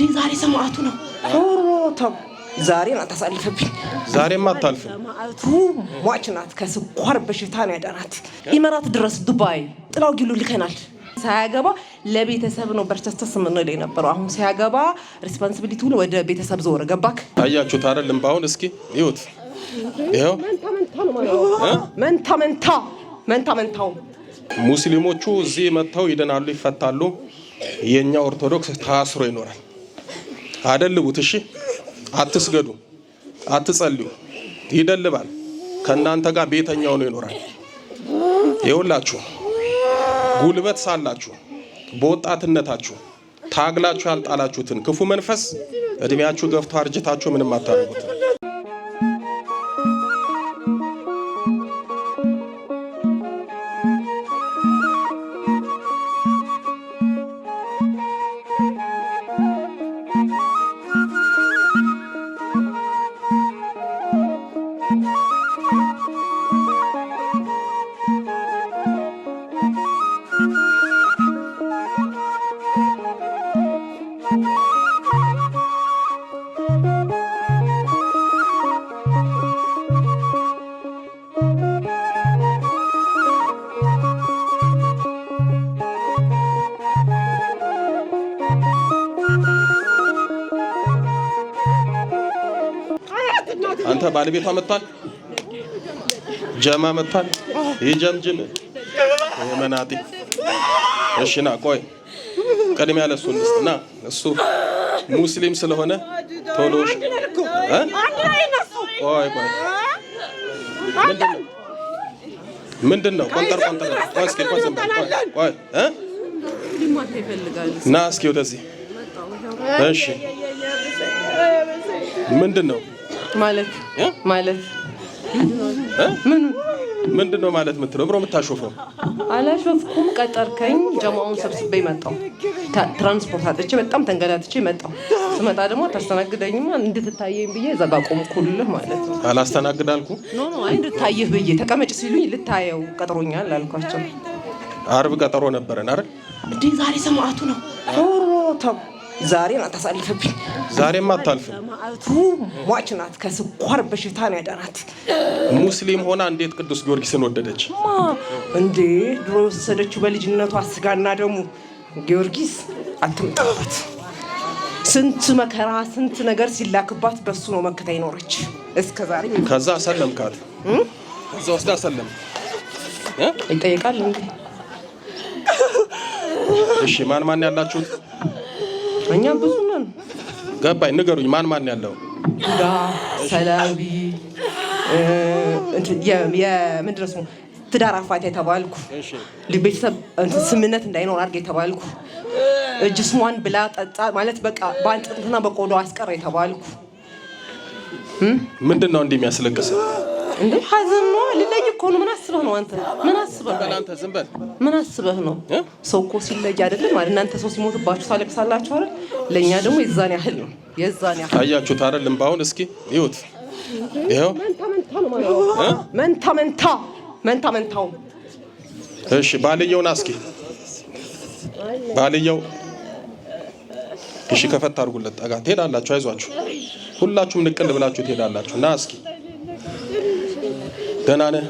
ውዴ ዛሬ ሰማዕቱ ነው። ተው ዛሬን አታሳልፍብኝ። ዛሬም አታልፍም። ሰማዕቱ ሟች ናት። ከስኳር በሽታ ነው ያዳናት። ኢመራት ድረስ ዱባይ ጥላው ጊሉ ልከናል። ሳያገባ ለቤተሰብ ነው በርቸስተስ ምንል የነበረው አሁን ሳያገባ ሪስፖንሲቢሊቲውን ወደ ቤተሰብ ዘወረ። ገባክ? አያችሁት አይደለም? በአሁን እስኪ ይሁት ይኸው መንታ መንታ መንታ መንታው ሙስሊሞቹ እዚህ መጥተው ይደናሉ፣ ይፈታሉ። የእኛ ኦርቶዶክስ ታስሮ ይኖራል። አደልቡት። እሺ አትስገዱ፣ አትጸልዩ። ይደልባል። ከእናንተ ጋር ቤተኛው ነው ይኖራል። ይኸውላችሁ ጉልበት ሳላችሁ በወጣትነታችሁ ታግላችሁ ያልጣላችሁትን ክፉ መንፈስ እድሜያችሁ ገፍቶ አርጅታችሁ ምንም አታደርጉት። ባለቤቷ መጥቷል። ጀማ መጥቷል። ይጀምጅም የመናጢ እሺ፣ ና ቆይ፣ ቀድሜ ለሱ እንስጥ ና። እሱ ሙስሊም ስለሆነ ቶሎ ቆይ ቆይ ምንድን ነው ቆንጠር ቆንጠር እስኪ ቆይ ቆይ እ ና እስኪ ወደዚህ እሺ ምንድን ነው ማለት ማለት ምን ምንድን ነው ማለት የምትለው? ብሮ የምታሾፈው? አላሾፍኩም። ቀጠርከኝ፣ ጀማውን ሰብስቤ መጣው። ትራንስፖርት አጥቼ በጣም ተንገዳትቼ መጣው። ስመጣ ደግሞ ታስተናግደኝማ እንድትታየኝ ብዬ እዛ ጋር ቆምኩልህ ማለት ነው። አላስተናግዳልኩ ኖ ኖ፣ አይ እንድታይህ ብዬ ተቀመጭ ሲሉኝ ልታየው ቀጥሮኛል አልኳቸው። አርብ ቀጠሮ ነበረን አይደል? እንዴ ዛሬ ሰማዕቱ ነው። ተው ዛሬን አታሳልፍብኝ። ዛሬም አታልፍም። ማዕቱ ሟች ናት። ከስኳር በሽታ ነው ያዳናት። ሙስሊም ሆና እንዴት ቅዱስ ጊዮርጊስን ወደደች እንዴ? ድሮ የወሰደችው በልጅነቷ ስጋና ደሙ ጊዮርጊስ አትምጣባት። ስንት መከራ ስንት ነገር ሲላክባት በሱ ነው መከታ ይኖረች እስከ ዛሬ። ከዛ ሰለምካት፣ ከዛ ወስዳ አሰለም ይጠይቃል እንዴ? እሺ ማን ማን ያላችሁት? እኛ ብዙ ነን። ገባኝ። ንገሩኝ፣ ማን ማን ያለው ዳ ሰላቢ የምንድረሱ ትዳር አፋታ የተባልኩ ቤተሰብ ስምነት እንዳይኖር አድርገ የተባልኩ ጅስሟን ብላ ጠጣ ማለት በቃ በአንጥጥና በቆዳ አስቀር የተባልኩ ምንድን ነው እንዲህ የሚያስለቅስ እንዴ ሀዘን ነው። ሊለይ እኮ ነው። ምን አስበህ ነው አንተ? ምን አስበህ ነው አንተ? ዝም በል። ምን አስበህ ነው? ሰው እኮ ሲለይ አይደለም ማለት እናንተ ሰው ሲሞትባችሁ ታለቅሳላችሁ አይደል? ለእኛ ደግሞ የዛን ያህል ነው። የዛን ያህል አያችሁት አይደለም? ባሁን እስኪ ይሁት ይኸው መንታ መንታ መንታ መንታው። እሺ ባልየውና እስኪ ባልየው እሺ፣ ከፈታ አድርጉለት። ጠጋ ትሄዳላችሁ። አይዟችሁ፣ ሁላችሁም ንቅል ብላችሁ ትሄዳላችሁ። ና እስኪ ደህና ነህ?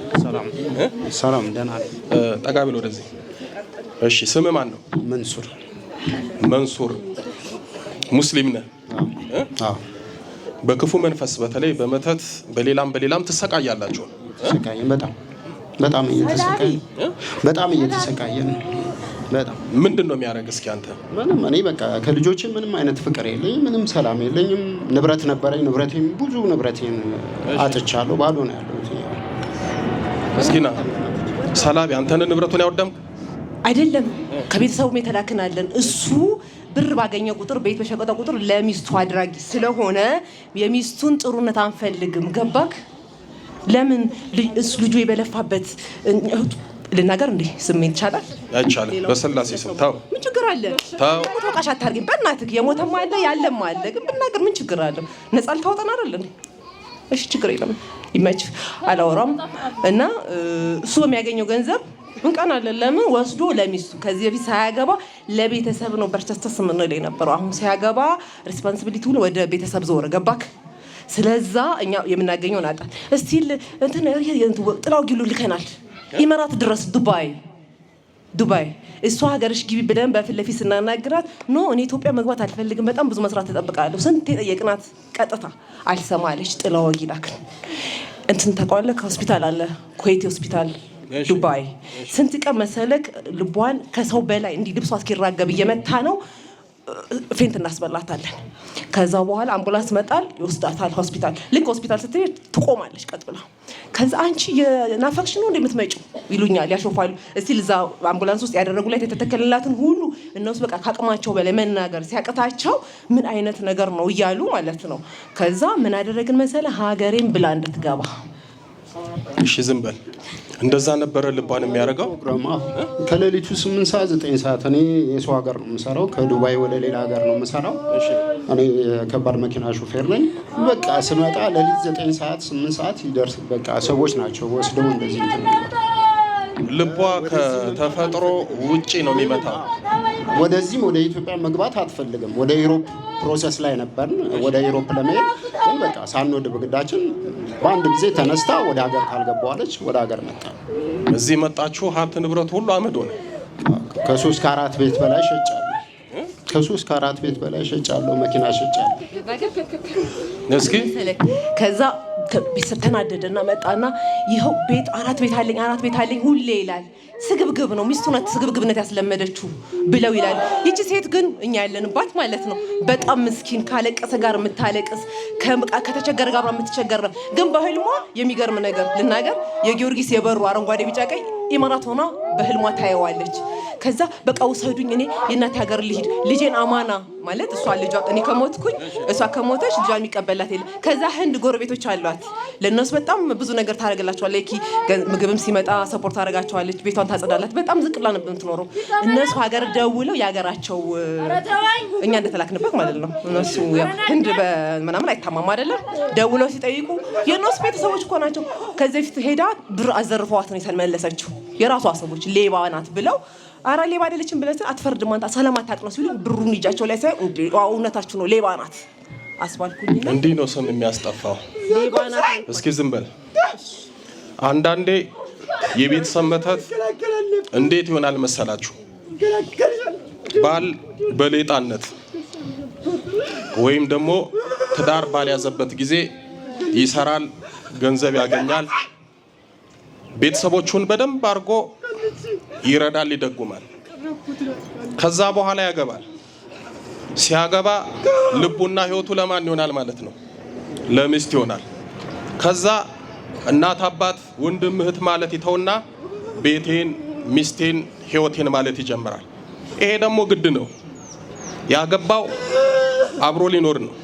ሰላም ደህና ነህ? ጠጋ ብሎ ወደዚህ። እሺ ስምህ ማን ነው? መንሱር። መንሱር ሙስሊም ነህ? በክፉ መንፈስ በተለይ በመተት በሌላም በሌላም ትሰቃያላችሁ? በጣም በጣም እየተሰቃየ በጣም እየተሰቃየ ነው። በጣም ምንድን ነው የሚያደርግ? እስኪ አንተ ምንም እኔ በቃ ከልጆቼ ምንም አይነት ፍቅር የለኝም፣ ምንም ሰላም የለኝም። ንብረት ነበረኝ፣ ንብረቴም ብዙ ንብረቴን አጥቻለሁ። ባዶ ነው ያለው ምስኪና ሰላም ያንተን ንብረቱን ያወደምክ አይደለም ከቤተሰቡ የተላክናለን እሱ ብር ባገኘ ቁጥር ቤት በሸቀጠ ቁጥር ለሚስቱ አድራጊ ስለሆነ የሚስቱን ጥሩነት አንፈልግም። ገባክ? ለምን እሱ ልጁ የበለፋበት ልናገር እንዴ? ስሜት ይቻላል አይቻልም? በስላሴ ስም ተው። ምን ችግር አለ? ተው፣ ተወቃሽ አታርጊ። በእናትህ የሞተማ አለ ያለም አለ። ግን ብናገር ምን ችግር አለ? ነፃ ልታወጣን አይደል እንዴ? እሺ ችግር የለም ይመች አላወራም። እና እሱ በሚያገኘው ገንዘብ እንቀን አለን። ለምን ወስዶ ለሚስቱ ከዚህ በፊት ሳያገባ ለቤተሰብ ነው በርቸስተስ የምንል የነበረው። አሁን ሲያገባ ሪስፖንሲቢሊቲውን ወደ ቤተሰብ ዘወረ። ገባክ? ስለዛ እኛ የምናገኘው አጣን። እስቲል እንትን ጥላው ጊሉ ልከናል። ኢመራት ድረስ ዱባይ ዱባይ እሷ ሀገርሽ ግቢ ብለን በፊት ለፊት ስናናግራት ኖ እኔ ኢትዮጵያ መግባት አልፈልግም፣ በጣም ብዙ መስራት ትጠብቃለሁ። ስንት የጠየቅናት ቀጥታ አልሰማለች። ጥላ ወጊ እንትን ተቋለ ከሆስፒታል አለ ኩዌት ሆስፒታል ዱባይ ስንት ቀን መሰለክ ልቧን ከሰው በላይ እንዲህ ልብሷ እስኪራገብ እየመታ ነው ፌንት እናስበላታለን። ከዛ በኋላ አምቡላንስ መጣል ይወስዳታል ሆስፒታል። ልክ ሆስፒታል ስትሄድ ትቆማለች ቀጥ ብላ። ከዛ አንቺ የናፈቅሽ ነው እንደ ይሉኛል፣ ያሾፋሉ። እስቲ እዛ አምቡላንስ ውስጥ ያደረጉላት የተተከለላትን ሁሉ እነሱ በቃ ካቅማቸው በላይ መናገር ሲያቅታቸው ምን አይነት ነገር ነው እያሉ ማለት ነው። ከዛ ምን አደረግን መሰለ ሀገሬን ብላ እንድትገባ እሺ ዝም በል። እንደዛ ነበረ ልቧን የሚያደርገው ከሌሊቱ ስምንት ሰዓት ዘጠኝ ሰዓት እኔ የሰው ሀገር ነው የምሰራው። ከዱባይ ወደ ሌላ ሀገር ነው የምሰራው። እኔ የከባድ መኪና ሹፌር ነኝ። በቃ ስመጣ ሌሊት ዘጠኝ ሰዓት ስምንት ሰዓት ይደርስ። በቃ ሰዎች ናቸው ወስደው እንደዚህ ልቧ ከተፈጥሮ ውጪ ነው የሚመታው። ወደዚህም ወደ ኢትዮጵያ መግባት አትፈልግም። ወደ ዩሮፕ ፕሮሰስ ላይ ነበርን። ወደ ዩሮፕ ለመሄድ ግን በቃ ሳንወድ በግዳችን በአንድ ጊዜ ተነስታ ወደ ሀገር ካልገባዋለች ወደ ሀገር መጣ። እዚህ መጣችሁ፣ ሀብት ንብረት ሁሉ አመድ ሆነ። ከሶስት ከአራት ቤት በላይ ሸጫለሁ። ከሶስት ከአራት ቤት በላይ ሸጫለሁ። መኪና ሸጫለሁ። እስኪ ከዛ ተናደደና መጣና ይኸው ቤት አራት ቤት አለኝ አራት ቤት አለኝ ሁሌ ይላል። ስግብግብ ነው ሚስቱ ናት ስግብግብነት ያስለመደችው ብለው ይላል። ይቺ ሴት ግን እኛ ያለንባት ማለት ነው በጣም ምስኪን ካለቀሰ ጋር የምታለቅስ ከተቸገረ ጋር የምትቸገር ነው። ግን በህልሟ የሚገርም ነገር ልናገር የጊዮርጊስ የበሩ አረንጓዴ ቢጫ ቀይ ኢማራት ሆና በህልሟ ታየዋለች። ከዛ በቃ ውሰዱኝ፣ እኔ የእናቴ ሀገር ልሂድ፣ ልጄን አማና ማለት እሷ ልጇ እኔ ከሞትኩኝ እሷ ከሞተች ልጇ የሚቀበላት የለ። ከዛ ህንድ ጎረቤቶች አሏት። ለእነሱ በጣም ብዙ ነገር ታደርግላቸዋለች። ምግብም ሲመጣ ሰፖርት ታደርጋቸዋለች፣ ቤቷን ታጸዳላት። በጣም ዝቅ ብላ ነበር የምትኖረው። እነሱ ሀገር ደውለው የሀገራቸው እኛ እንደተላክንበት ማለት ነው። እነሱ ህንድ ምናምን አይታማም አይደለም። ደውለው ሲጠይቁ የእነሱ ቤተሰቦች እኮ ናቸው። ከዚህ በፊት ሄዳ ብር አዘርፈዋት ነው የተመለሰችው። የራሷ ሰዎች ሌባ ናት ብለው አራ ሌባ አይደለችም ብለህ አትፈርድም አንተ ሰለማታቅ ነው ሲሉ ብሩን እጃቸው ላይ ሳይ እንዴ እውነታችሁ ነው ሌባ ናት አስባልኩኝ። እንዲህ ነው ስም የሚያስጠፋው። ሌባ ናት። እስኪ ዝም በል። አንዳንዴ የቤተሰብ መተት እንዴት ይሆናል መሰላችሁ? ባል በሌጣነት ወይም ደግሞ ትዳር ባልያዘበት ጊዜ ይሰራል፣ ገንዘብ ያገኛል፣ ቤተሰቦቹን በደንብ አድርጎ ይረዳል፣ ይደጉማል። ከዛ በኋላ ያገባል። ሲያገባ ልቡና ህይወቱ ለማን ይሆናል ማለት ነው? ለሚስት ይሆናል። ከዛ እናት አባት፣ ወንድም እህት ማለት ይተውና ቤቴን፣ ሚስቴን፣ ህይወቴን ማለት ይጀምራል። ይሄ ደግሞ ግድ ነው። ያገባው አብሮ ሊኖር ነው።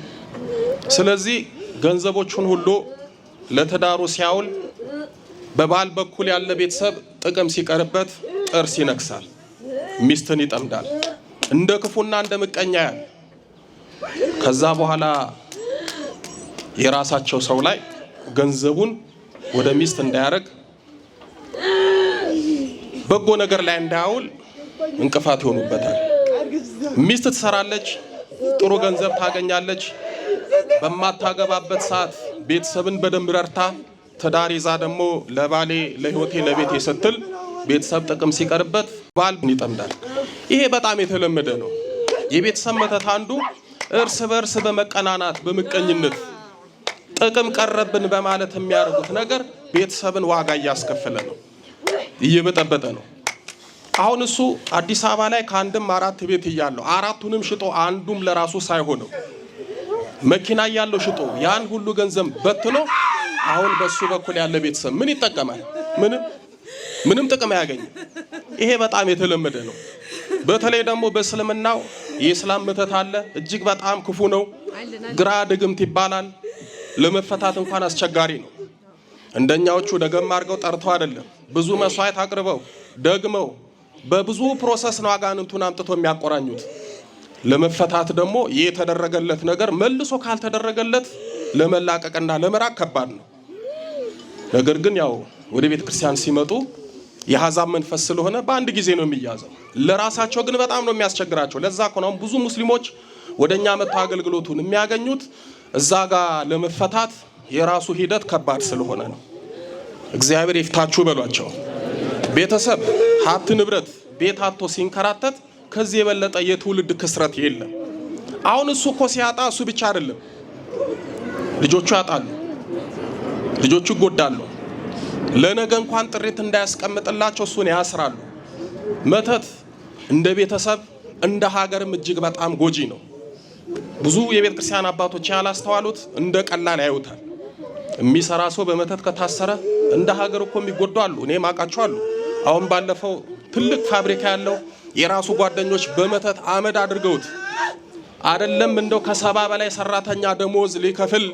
ስለዚህ ገንዘቦቹን ሁሉ ለትዳሩ ሲያውል በባል በኩል ያለ ቤተሰብ ጥቅም ሲቀርበት ጥርስ ይነክሳል፣ ሚስትን ይጠምዳል፣ እንደ ክፉና እንደ ምቀኛ ያል ከዛ በኋላ የራሳቸው ሰው ላይ ገንዘቡን ወደ ሚስት እንዳያደርግ በጎ ነገር ላይ እንዳያውል እንቅፋት ይሆኑበታል። ሚስት ትሰራለች፣ ጥሩ ገንዘብ ታገኛለች። በማታገባበት ሰዓት ቤተሰብን በደንብ ረርታ ትዳር ይዛ ደግሞ ለባሌ ለህይወቴ ለቤቴ ስትል ቤተሰብ ጥቅም ሲቀርበት ባል ይጠምዳል። ይሄ በጣም የተለመደ ነው። የቤተሰብ መተት አንዱ እርስ በእርስ በመቀናናት በምቀኝነት ጥቅም ቀረብን በማለት የሚያደርጉት ነገር ቤተሰብን ዋጋ እያስከፈለ ነው፣ እየበጠበጠ ነው። አሁን እሱ አዲስ አበባ ላይ ከአንድም አራት ቤት እያለው አራቱንም ሽጦ አንዱም ለራሱ ሳይሆነው መኪና እያለው ሽጦ ያን ሁሉ ገንዘብ በትኖ አሁን በሱ በኩል ያለ ቤተሰብ ምን ይጠቀማል? ምንም ምንም ጥቅም ያገኝ። ይሄ በጣም የተለመደ ነው። በተለይ ደግሞ በእስልምናው የእስላም ምተት አለ። እጅግ በጣም ክፉ ነው። ግራ ድግምት ይባላል። ለመፈታት እንኳን አስቸጋሪ ነው። እንደኛዎቹ ደገም አድርገው ጠርተው አይደለም፣ ብዙ መስዋዕት አቅርበው ደግመው በብዙ ፕሮሰስ ነው አጋንንቱን አምጥቶ የሚያቆራኙት። ለመፈታት ደግሞ የተደረገለት ነገር መልሶ ካልተደረገለት ለመላቀቅና ለመራቅ ከባድ ነው። ነገር ግን ያው ወደ ቤተ ክርስቲያን ሲመጡ የአሕዛብ መንፈስ ስለሆነ በአንድ ጊዜ ነው የሚያዘው። ለራሳቸው ግን በጣም ነው የሚያስቸግራቸው። ለዛ እኮ ነው ብዙ ሙስሊሞች ወደ እኛ መጥተው አገልግሎቱን የሚያገኙት። እዛ ጋር ለመፈታት የራሱ ሂደት ከባድ ስለሆነ ነው። እግዚአብሔር ይፍታችሁ በሏቸው። ቤተሰብ ሀብት፣ ንብረት፣ ቤት አጥቶ ሲንከራተት ከዚህ የበለጠ የትውልድ ክስረት የለም። አሁን እሱ እኮ ሲያጣ እሱ ብቻ አይደለም ልጆቹ ያጣሉ። ልጆቹ ይጎዳሉ። ለነገ እንኳን ጥሪት እንዳያስቀምጥላቸው እሱን ያስራሉ። መተት እንደ ቤተሰብ እንደ ሀገርም እጅግ በጣም ጎጂ ነው። ብዙ የቤተ ክርስቲያን አባቶች ያላስተዋሉት እንደ ቀላል ያዩታል። የሚሰራ ሰው በመተት ከታሰረ እንደ ሀገር እኮ የሚጎዱ አሉ። እኔም አሉ አሁን ባለፈው ትልቅ ፋብሪካ ያለው የራሱ ጓደኞች በመተት አመድ አድርገውት አይደለም እንደው ከሰባ በላይ ሰራተኛ ደሞዝ ሊከፍል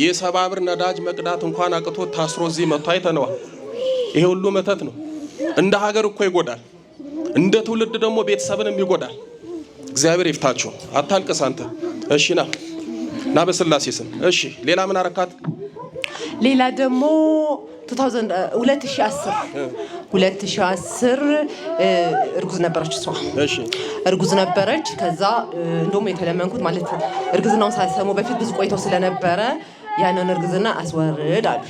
ይህ ብር ነዳጅ መቅዳት እንኳን አቅቶ ታስሮ እዚህ መጥቶ አይተነዋል። ይሄ ሁሉ መተት ነው። እንደ ሀገር እኮ ይጎዳል፣ እንደ ትውልድ ደግሞ ቤተሰብንም ይጎዳል። እግዚአብሔር ይፍታችሁ። አታልቅስ አንተ። እሺ ና ና፣ በስላሴ ስም እሺ። ሌላ ምን አረካት? ሌላ ደግሞ 2010 2010 uh, እርጉዝ ነበረች እሷ እርጉዝ ነበረች። ከዛ እንደውም የተለመንኩት ማለት እርግዝናውን ሳሰሙ በፊት ብዙ ቆይተው ስለነበረ ያንን እርግዝና አስወርድ አሉ።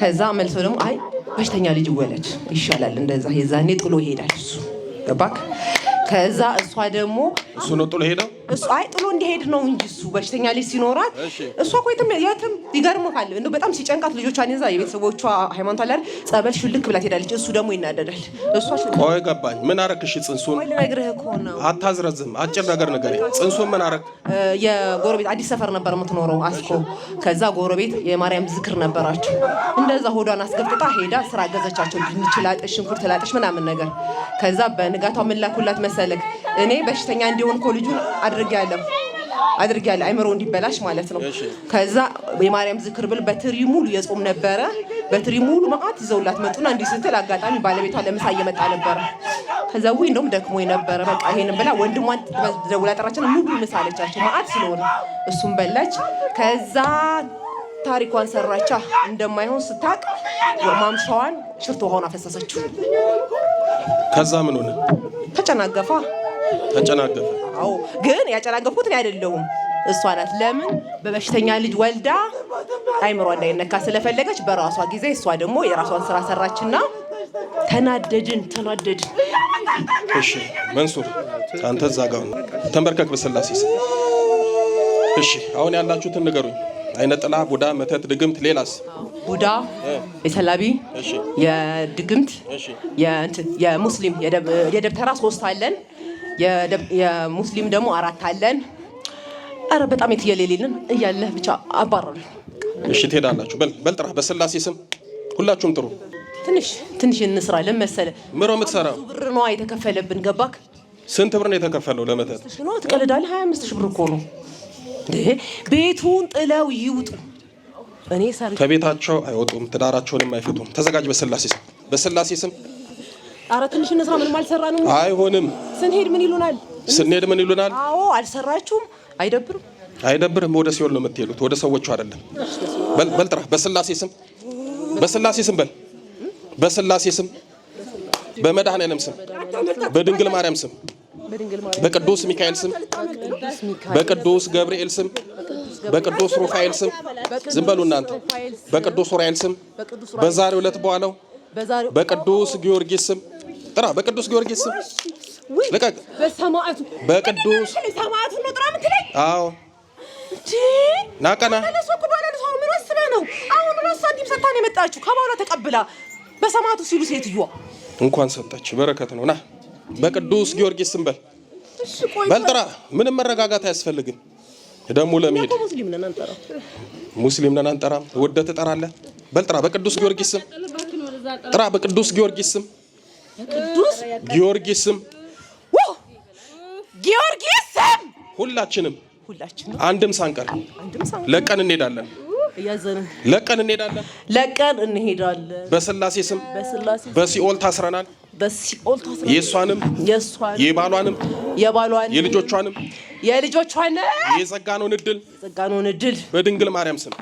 ከዛ መልሶ ደግሞ አይ በሽተኛ ልጅ ወለድ ይሻላል እንደዛ፣ የዛኔ ጥሎ ይሄዳል እሱ ገባክ። ከዛ እሷ ደግሞ እሱ ነው ጥሎ ሄደው። እሱ አይ ጥሎ እንዲሄድ ነው እንጂ እሱ በሽተኛ ልጅ ሲኖራት እሷ እኮ የትም የትም ይገርምሃል። እንደው በጣም ሲጨንቃት ልጆቿን ይዛ የቤተሰቦቿ ሃይማኖት አለ አይደል ጸበል ሽልክ ብላ ትሄዳለች። እሱ ደግሞ ይናደዳል። እሷ ቆይ ገባኝ። ምን አረክሽ? ጽንሱን ልነግርህ እኮ ነው። አታዝረዝም። አጭር ነገር ንገረኝ። ጽንሱን ምን አረክ? የጎረቤት አዲስ ሰፈር ነበር የምትኖረው አስኮ። ከዛ ጎረቤት የማርያም ዝክር ነበራቸው። እንደዛ ሆዷን አስገብጥጣ ሄዳ ስራ ገዘቻቸው። ድንች ላጥሽ፣ ሽንኩርት ላጥሽ ምናምን ነገር ከዛ በንጋቷ ምን ላኩላት መሰለክ እኔ በሽተኛ እንዲሆን እኮ ልጁን አድርጌያለሁ አድርጌያለሁ አይምሮ እንዲበላሽ ማለት ነው። ከዛ የማርያም ዝክር ብል በትሪ ሙሉ የጾም ነበረ። በትሪ ሙሉ መዓት ይዘውላት መጡና እንዲህ ስትል አጋጣሚ ባለቤቷ ለምሳ እየመጣ ነበረ። ከዛ ውይ እንደውም ደክሞ ነበረ በቃ ይሄንን ብላ ወንድሟን ደውላ ጠራችን። ሙሉ ምሳ አለቻቸው መዓት ስለሆነ እሱም በላች። ከዛ ታሪኳን ሰራቻ እንደማይሆን ስታቅ ማምሻዋን ሽርቶ ውሃውን አፈሰሰችው። ከዛ ምን ሆነ? ተጨናገፋ ተጨናገፈ። አዎ ግን ያጨናገፍኩት እኔ አይደለሁም እሷ ናት። ለምን በበሽተኛ ልጅ ወልዳ አይምሯ እንዳይነካ ስለፈለገች በራሷ ጊዜ እሷ ደግሞ የራሷን ስራ ሰራችና ተናደድን ተናደድን። እሺ መንሱር አንተ እዛ ጋር ተንበርከክ በስላሴ እሺ አሁን ያላችሁትን ንገሩኝ። አይነ ጥላ፣ ቡዳ፣ መተት፣ ድግምት፣ ሌላስ? ቡዳ፣ የሰላቢ፣ የድግምት፣ የሙስሊም የደብተራ ሶስት አለን። የሙስሊም ደግሞ አራት አለን። አረ በጣም የትየሌሌንን እያለ ብቻ አባረሩ። እሺ ትሄዳላችሁ። በል ጥራ፣ በስላሴ ስም ሁላችሁም ጥሩ። ትንሽ ትንሽ እንስራ። ለመሰለ ምሮ የምትሰራው ብር ነዋ የተከፈለብን። ገባክ? ስንት ብር ነው የተከፈለው ለመተት? ነው ትቀልዳለህ። 25 ሺህ ብር እኮ ነው። ቤቱን ጥለው ይውጡ። እኔ ከቤታቸው አይወጡም፣ ትዳራቸውንም አይፈቱም። ተዘጋጅ። በስላሴ ስም በስላሴ ስም አረ ትንሽ እንስራ፣ ምንም አልሰራንም። አይሆንም። ስንሄድ ምን ይሉናል? ስንሄድ ምን ይሉናል? አዎ አልሰራችሁም። አይደብርም? አይደብርም። ወደ ሲኦል ነው የምትሄዱት፣ ወደ ሰዎቹ አይደለም። በል በል፣ ጥራ። በስላሴ ስም፣ በስላሴ ስም፣ በል በስላሴ ስም፣ በመድኃኔዓለም ስም፣ በድንግል ማርያም ስም፣ በቅዱስ ሚካኤል ስም፣ በቅዱስ ገብርኤል ስም በቅዱስ ሩፋኤል ስም ዝም በሉ እናንተ። በቅዱስ ሩፋኤል ስም በዛሬው ዕለት በኋላው በቅዱስ ጊዮርጊስ ስም ጥራ በቅዱስ ጊዮርጊስ ስም ልቀቅ። በሰማዕቱ በቅዱስ ሰማዕቱ ነው። ጥራ የምትለኝ? አዎ ናቀና ነው አሁን? ራሱ አንዲም ሰታ ነው የመጣችሁ ከባሏ ተቀብላ በሰማዕቱ ሲሉ ሴትዮዋ እንኳን ሰጠች፣ በረከት ነው። ና በቅዱስ ጊዮርጊስ ስም በል በል፣ ጥራ። ምንም መረጋጋት አያስፈልግም። ደግሞ ለመሄድ ሙስሊም ነን አንጠራም። ወደ ትጠራለህ። በል ጥራ በቅዱስ ጊዮርጊስ ስም ጥራ በቅዱስ ጊዮርጊስ ስም ቅዱስ ጊዮርጊስ ስም ሁላችንም ሁላችንም አንድም ሳንቀር ለቀን እንሄዳለን ለቀን እንሄዳለን ለቀን እንሄዳለን። በስላሴ ስም በሲኦል ታስረናል። በሲኦል ታስረናል። የእሷንም የእሷን የባሏንም የባሏን የልጆቿንም የልጆቿንም የጸጋነውን እድል የጸጋነውን እድል በድንግል ማርያም ስም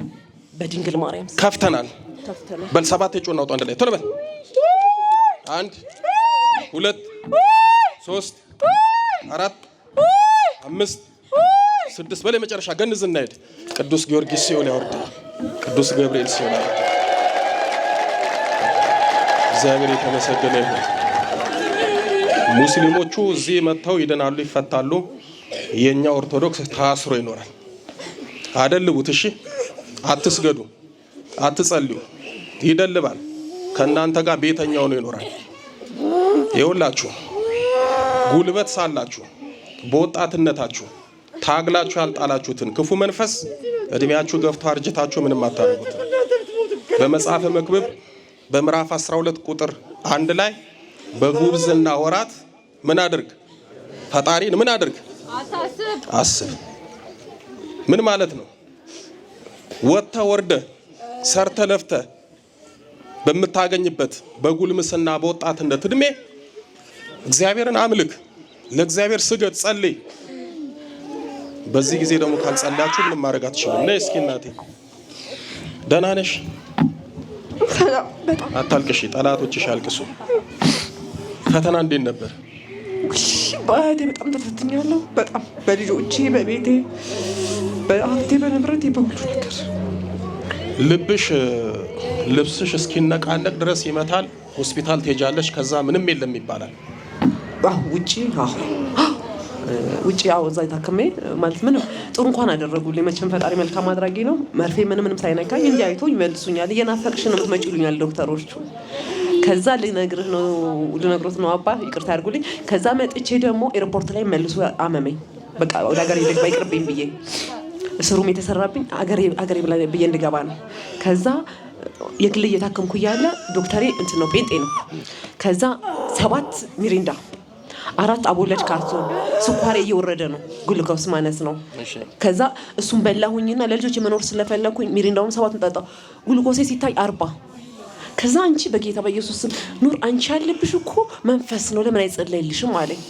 በድንግል ማርያም ስም ከፍተናል ከፍተናል። በል ሰባት የጮና ወጣ አንድ ላይ ቶሎ በል አንድ ሁለት፣ ሶስት፣ አራት፣ አምስት፣ ስድስት በላይ መጨረሻ ገንዝ እናሄድ። ቅዱስ ጊዮርጊስ ሲሆን ያወርዳል። ቅዱስ ገብርኤል ሲሆን ያወርዳል። እግዚአብሔር የተመሰገነ ይሁን። ሙስሊሞቹ እዚህ መጥተው ይድናሉ፣ ይፈታሉ። የኛ ኦርቶዶክስ ታስሮ ይኖራል። አደልቡት። እሺ፣ አትስገዱ፣ አትጸልዩ። ይደልባል። ከእናንተ ጋር ቤተኛው ነው ይኖራል። ይኸውላችሁ ጉልበት ሳላችሁ በወጣትነታችሁ ታግላችሁ ያልጣላችሁትን ክፉ መንፈስ እድሜያችሁ ገፍቶ አርጅታችሁ ምንም አታደርጉት። በመጽሐፈ መክብብ በምዕራፍ 12 ቁጥር አንድ ላይ በጉብዝና ወራት ምን አድርግ፣ ፈጣሪን ምን አድርግ፣ አስብ። ምን ማለት ነው? ወጥተ ወርደ ሰርተ ለፍተ በምታገኝበት በጉልምስና በወጣትነት እድሜ እግዚአብሔርን አምልክ፣ ለእግዚአብሔር ስገድ፣ ጸልይ። በዚህ ጊዜ ደግሞ ካልጸላችሁ ምንም ማድረግ አትችሉም። ነይ እስኪ እናቴ፣ ደህና ነሽ? አታልቅሽ። ጠላቶችሽ አልቅሱ። ፈተና እንዴት ነበር? በአያቴ በጣም ተፈትኛለሁ። በጣም በልጆቼ፣ በቤቴ፣ በሀብቴ፣ በንብረቴ፣ በሁሉ ነገር ልብሽ ልብስሽ እስኪነቃነቅ ድረስ ይመታል። ሆስፒታል ትሄጃለሽ። ከዛ ምንም የለም ይባላል። ውጭ ውጭ አዎ፣ እዛ የታከመ ማለት ምንም ጥሩ እንኳን አደረጉልኝ። መቼም ፈጣሪ መልካም አድራጊ ነው። መርፌ ምንም ምንም ሳይነካኝ እንዲህ አይቶ ይመልሱኛል። እየናፈቅሽ ነው የምትመጪው ይሉኛል ዶክተሮቹ። ከዛ ልነግርህ ነው ልነግሮት ነው አባ ይቅርታ ያድርጉልኝ። ከዛ መጥቼ ደግሞ ኤርፖርት ላይ መልሶ አመመኝ። በቃ ወደ ሀገር ልግባ ይቅርብኝ ብዬ እስሩም የተሰራብኝ አገሬ ብዬ እንድገባ ነው። ከዛ የግል እየታከምኩ እያለ ዶክተሬ እንትን ነው ጴንጤ ነው። ከዛ ሰባት ሚሪንዳ አራት አቦለድ ካርቶን ስኳሬ እየወረደ ነው፣ ግሉኮስ ማነስ ነው። ከዛ እሱን በላሁኝና ለልጆች የመኖር ስለፈለኩኝ ሚሪንዳውን ሰባት ንጠጣ ግሉኮሴ ሲታይ አርባ ከዛ አንቺ በጌታ በኢየሱስ ስም ኑር፣ አንቺ ያለብሽ እኮ መንፈስ ነው፣ ለምን አይጸለይልሽም አለኝ።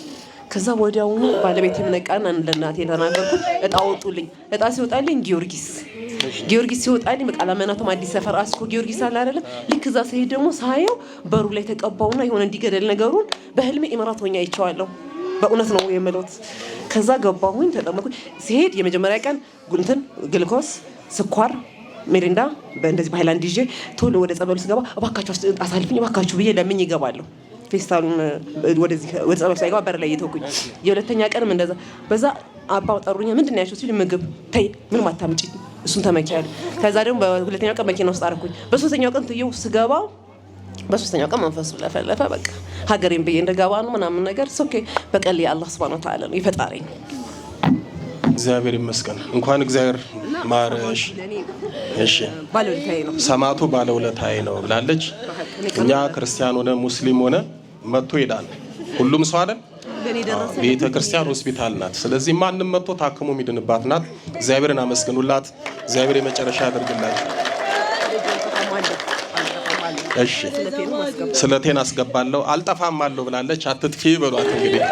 ከዛ ወዲያውኑ ባለቤት የምነቃን ለእናቴ ተናገርኩት። እጣ ወጡልኝ። እጣ ሲወጣልኝ ጊዮርጊስ ጊዮርጊስ ሲወጣ እኔ በቃ ላመናቶም አዲስ ሰፈር አስኮ ጊዮርጊስ አለ አይደለም። ልክ እዛ ስሄድ ደግሞ ሳየው በሩ ላይ ተቀባውና የሆነ እንዲገደል ነገሩን በህልሜ ኢምራት ሆኜ አይቼዋለሁ። በእውነት ነው የምሎት። ከዛ ገባሁኝ ተጠመኩኝ። ሲሄድ የመጀመሪያ ቀን እንትን ግልኮስ፣ ስኳር፣ ሜሪንዳ በእንደዚህ በሃይላንድ ይዤ ቶሎ ወደ ጸበሉ ስገባ እባካችሁ አሳልፍኝ እባካችሁ ብዬ ለምኝ ይገባለሁ ፌስታሉን ወደ ጸበል ሳይገባ በር ላይ እየተውኩኝ የሁለተኛ ቀንም እንደዛ በዛ አባው ጠሩኛ ምንድን ነው ያልሽው ሲሉ ምግብ ተይ ምንም አታምጪ እሱን ተመኪያለሁ። ከዛ ደግሞ በሁለተኛው ቀን መኪና ውስጥ አረኩኝ። በሶስተኛው ቀን ትየው ስገባ በሶስተኛው ቀን መንፈሱ ለፈለፈ። በቃ ሀገሬን ብዬ እንደገባ ነው ምናምን ነገር ሶኬ በቀል የአላህ ስብሃነ ወተዓላ ነው የፈጣሪ እግዚአብሔር ይመስገን። እንኳን እግዚአብሔር ማረሽ። እሺ ሰማዕቱ ባለውለታዬ ነው ብላለች። እኛ ክርስቲያን ሆነ ሙስሊም ሆነ መጥቶ ይሄዳል። ሁሉም ሰው አለን ቤተ ክርስቲያን ሆስፒታል ናት። ስለዚህ ማንም መጥቶ ታክሞ የሚድንባት ናት። እግዚአብሔርን አመስግኑላት። እግዚአብሔር የመጨረሻ ያደርግላት። እሺ ስለቴን አስገባለሁ አልጠፋም አለሁ ብላለች። አትጥፊ በሏት እንግዲህ